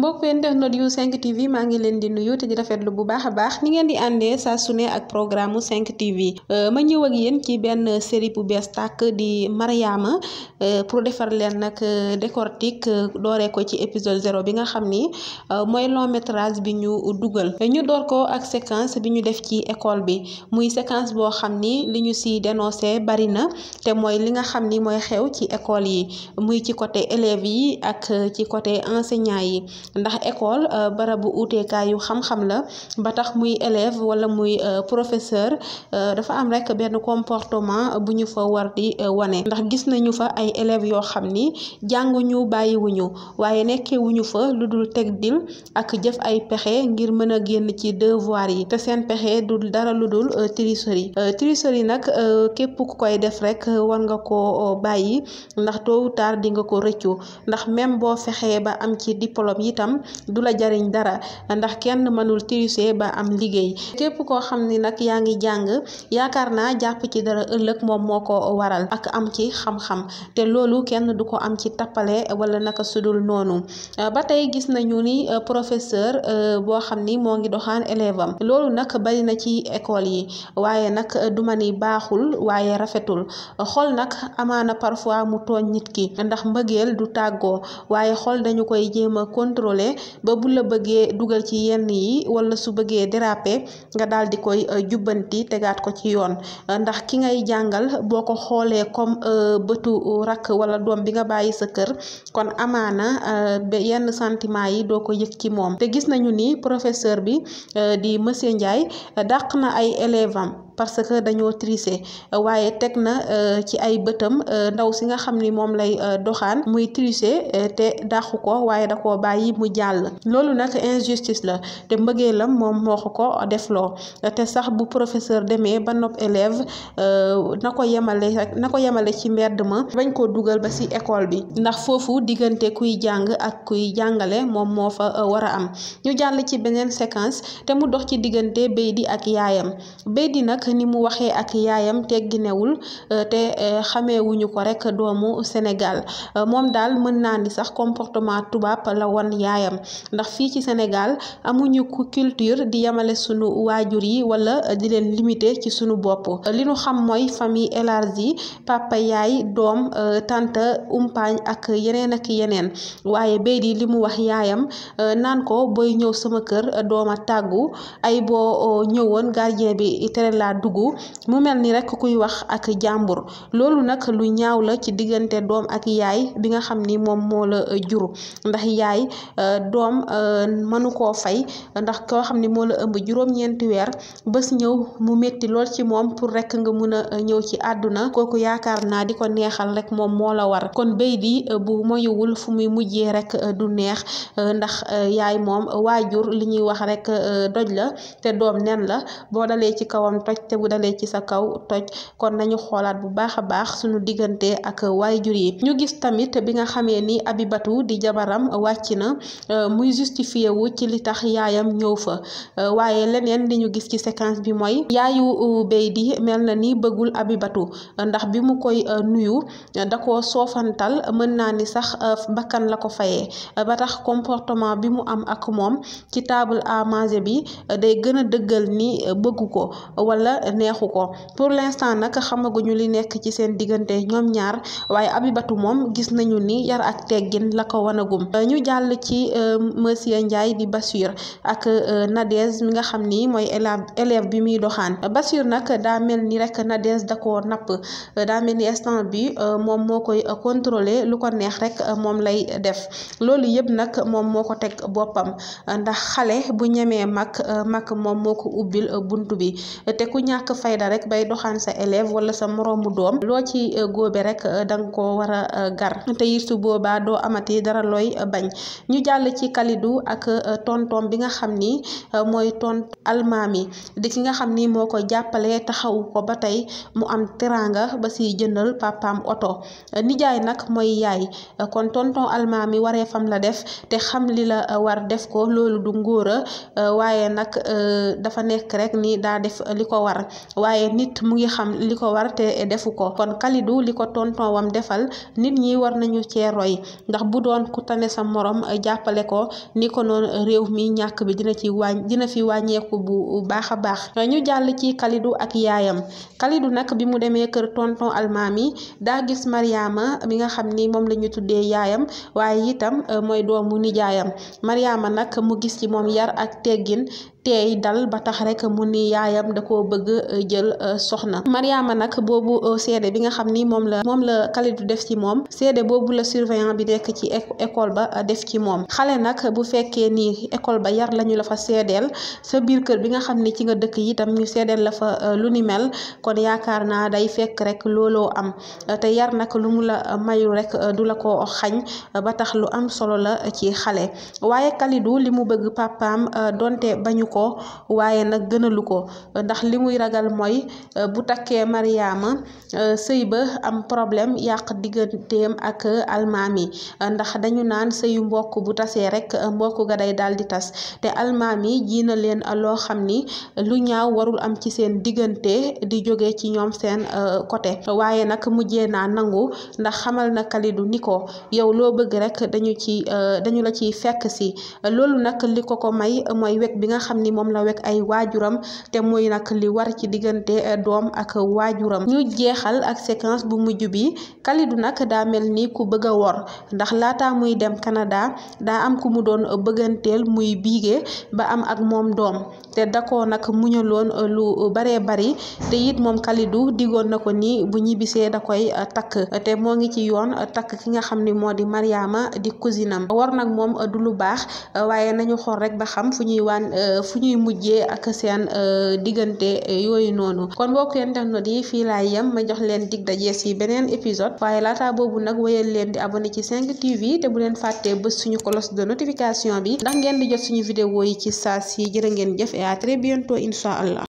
mbokk internet yu 5 TV maa ngi leen di nuyu te di rafetlu bu baax a baax ni ngeen di àndee saa su ne ak programme 5 TV euh, ma ñëw ak yéen ci benn série bu bees tàkk di Mariama euh, pour defar leen nag euh, décortique dooree ko ci épisode zéro bi nga xam ni mooy lométrage bi ñu dugal ñu door ko ak séquence bi ñu def ci école bi muy séquence boo xam ni li ñu si dénoncé bari na te mooy li nga xam ni mooy xew ci école yi muy ci côté élèves yi ak ci côté enseignants yi. ndax école euh, barabu uteekaayu xam-xam la ba tax muy élève wala muy euh, professeur euh, dafa am rek benn comportement bu ñu fa war di wane ndax gis nañu fa ay élèves yoo xam ni jànguñu bàyyiwuñu waaye nekkewuñu fa lu dul teg dil ak jëf ay pexe ngir mën a génn ci devoir yi te seen pexe du dara lu dul tricherie tricherie nag képp ku koy def rek war nga ko bàyyi ndax tôt ou di nga ko rëccu ndax même boo fexee ba am ci diplôme yi itam du la jariñ dara ndax kenn mënul tricher ba am liggéey képp koo xam ni nag yaa ngi jàng yaakaar naa jàpp ci dara ëllëg moom moo ko waral ak am ci xam-xam te loolu kenn du ko am ci tappale wala naka sudul noonu ba tey gis nañu ni euh, professeur euh, boo xam ni moo ngi doxaan élève am loolu nag bari na ci école yi waaye nag du ma ni baaxul waaye rafetul xol nag amaana parfois mu tooñ nit ki ndax mbëggeel du tàggoo waaye xol dañu koy jéem a contrôler ba bu la bëggee dugal ci yenn yi wala su bëggee déraper nga daal di koy euh, jubbanti tegaat ko ci yoon euh, ndax ki ngay jàngal boo ko xoolee comme euh, bëtu rakk wala doom bi nga bàyyi sa kër kon amaana yenn sentiment yi doo ko yëg ci moom te gis nañu ni professeur bi di monsieur Ndiaye dàq na ay élève parce que dañoo tricher waaye teg na euh, ci ay bëtam euh, ndaw si nga xam ni moom lay euh, doxaan muy tricher te dàqu ko waaye da ko bàyyi mu jàll loolu nag injustice la te mbëggee mbëggeelam moom moo ko ko defloo te sax bu professeur demee ba nopp élève na ko yemale na ko yemale ci mbedd ma bañ koo dugal ba si école bi ndax foofu diggante kuy jàng ak kuy jàngale moom moo fa war a am ñu jàll ci beneen séquence te mu dox ci diggante di ak yaayam Beydi nag ni mu waxee ak yaayam tegginewul euh, te euh, xameewuñu ko rek doomu Sénégal euh, moom daal mën naa ni sax comportement tubaab la wan yaayam ndax fii ci Sénégal amuñu ku culture di yamale sunu waajur yi wala di leen limité ci sunu bopp li nu xam mooy famille élargie papa yaay doom tante umpaañ ak yeneen ak yeneen waaye béy di li mu wax yaayam naan ko booy ñëw sama kër dooma tàggu ay boo ñëwoon gardien bi tere laa dugg mu mel nii rek kuy wax ak jàmbur loolu nag lu ñaaw la ci diggante doom ak yaay bi nga xam ni moom moo la euh, jur ndax yaay euh, doom euh, mënu koo fay ndax koo xam ni moo la ëmb juróom weer bés ñëw mu métti lool ci moom pour rek nga mun a ñëw ci àdduna kooku yaakaar naa di ko neexal rek moom moo la war kon béy di bu moyuwul fu muy mujjee rek du neex ndax yaay moom waajur li ñuy wax rek doj la te doom nen la boo dalee ci kawam toj te bu dalee ci sa kaw toj kon nañu xoolaat bu baax a baax suñu diggante ak waayjur yi ñu gis tamit bi nga xamee ni Abibatou di jabaram wàcc na euh, muy justifié wu ci li tax yaayam ñëw fa euh, waaye leneen li ñu gis ci séquence bi mooy yaayu euh, Beydi mel na ni bëggul abibatu ndax bi mu koy nuyu da koo soofantal mën naa ni sax bakkan la ko fayee ba tax comportement bi mu am ak moom ci table à bi day gën dëggal ni bëggu ko wala dara neexu ko pour l'instant nag xamaguñu li nekk ci seen diggante ñoom ñaar waaye Abibatu moom gis nañu ni yar ak teggin la ko wanagum ñu jàll ci euh, monsieur Ndiaye di Bassir ak euh, Nadège mi nga xam ni mooy élève élève bi muy doxaan Bassir nag daa mel ni rek Nadège da koo napp daa mel ni instant bi euh, moom moo koy contrôler lu ko neex rek moom lay def loolu yëpp nag moom moo ko teg boppam ndax xale bu ñemee mag mag moom moo ko ubbil buntu bi te ku ku ñàkk fayda rek bay doxaan sa élève wala sa moroomu doom loo ci euh, góobe rek euh, danga ko war a euh, gar te it su boobaa doo amati dara looy bañ ñu jàll ci Kalidou ak tontom bi nga xam ni mooy tont almaami di ki nga xam ni moo ko jàppale taxawu ko ba tey mu am teraanga ba si jëndal papaam oto nijaay nag mooy yaay kon tonton almaami waree fam la def te xam li la war def ko loolu du ngóora waaye nag dafa nekk rek ni daa def li ko war war waaye nit mu ngi xam li ko war te defu ko kon Kalidou li ko tonton wam defal nit ñi war nañu cee roy ndax bu doon ku tane sa moroom eh, jàppale ko ni ko noonu eh, réew mi ñàkk bi dina ci wàññ dina fi wàññeeku bu baax a baax eh, ñu jàll ci Kalidou ak yaayam kalidu nag bi mu demee kër tonton Almaami daa gis Mariama mi nga xam ni moom la ñu tuddee yaayam waaye itam mooy doomu nijaayam Mariama nag mu gis ci moom yar ak teggin teey dal ba tax rek mu ni yaayam da koo bëgg euh, jël euh, soxna Mariama nag boobu euh, seede bi nga xam ni moom la moom la Kalidou def ci moom seede boobu la surveillant bi nekk ci école ba def ci moom xale nag bu fekkee ni école ba yar lañu la fa seedeel sa biir kër bi nga xam ni ci nga dëkk yi itam ñu seedeel la fa lu ni mel kon yaakaar naa day fekk rek looloo am te yar nag lu mu la mayu rek du la ko xañ ba tax lu am solo la ci xale waaye Kalidou li mu bëgg papaam ko waaye nag gënalu ko ndax li muy ragal mooy euh, bu takkee mariyaama euh, sëy ba am problème yàq digganteem ak euh, almaami ndax dañu naan sëyu mbokk bu tasee rek mbokk ga day daal di tas te almaami ji na leen loo xam ni lu ñaaw warul am ci seen diggante di jóge ci ñoom seen côté waaye nag mujjee naa nangu ndax xamal na Kalidou ni ko yow loo bëgg rek dañu ci dañu la ciy fekk si loolu nag li ko ko may mooy wet bi nga xam xam ni moom la wekk ay waajuram te muy nag li war ci diggante eh, doom ak waajuram ñu jeexal ak séquence bu mujj bi Kalidou nag daa mel ni ku bëgg a wor ndax laata muy dem kanadaa daa am ku mu doon bëgganteel muy biige ba am ak moom doom te dakoo nag muñaloon eh, lu baree bari te it moom Kalidou digoon na ko nii bu ñibbisee da koy eh, takk te moo ngi ci yoon takk ki nga xam ni moo di Mariama di cousinam wor nag moom du lu baax waaye nañu xool rek ba xam fu ñuy fu ñuy mujjee ak seen euh, diggante euh, yooyu noonu kon mbokk internet yi fii laay yam ma jox leen dig daje si beneen épisode waaye laata boobu nag wéyal leen di abonné ci 5TV te bu leen fàttee bës suñu cloche de notification bi ndax ngeen di jot suñu vidéo yi ci saa si jërë ngeen jëf et à très bientôt incha allah.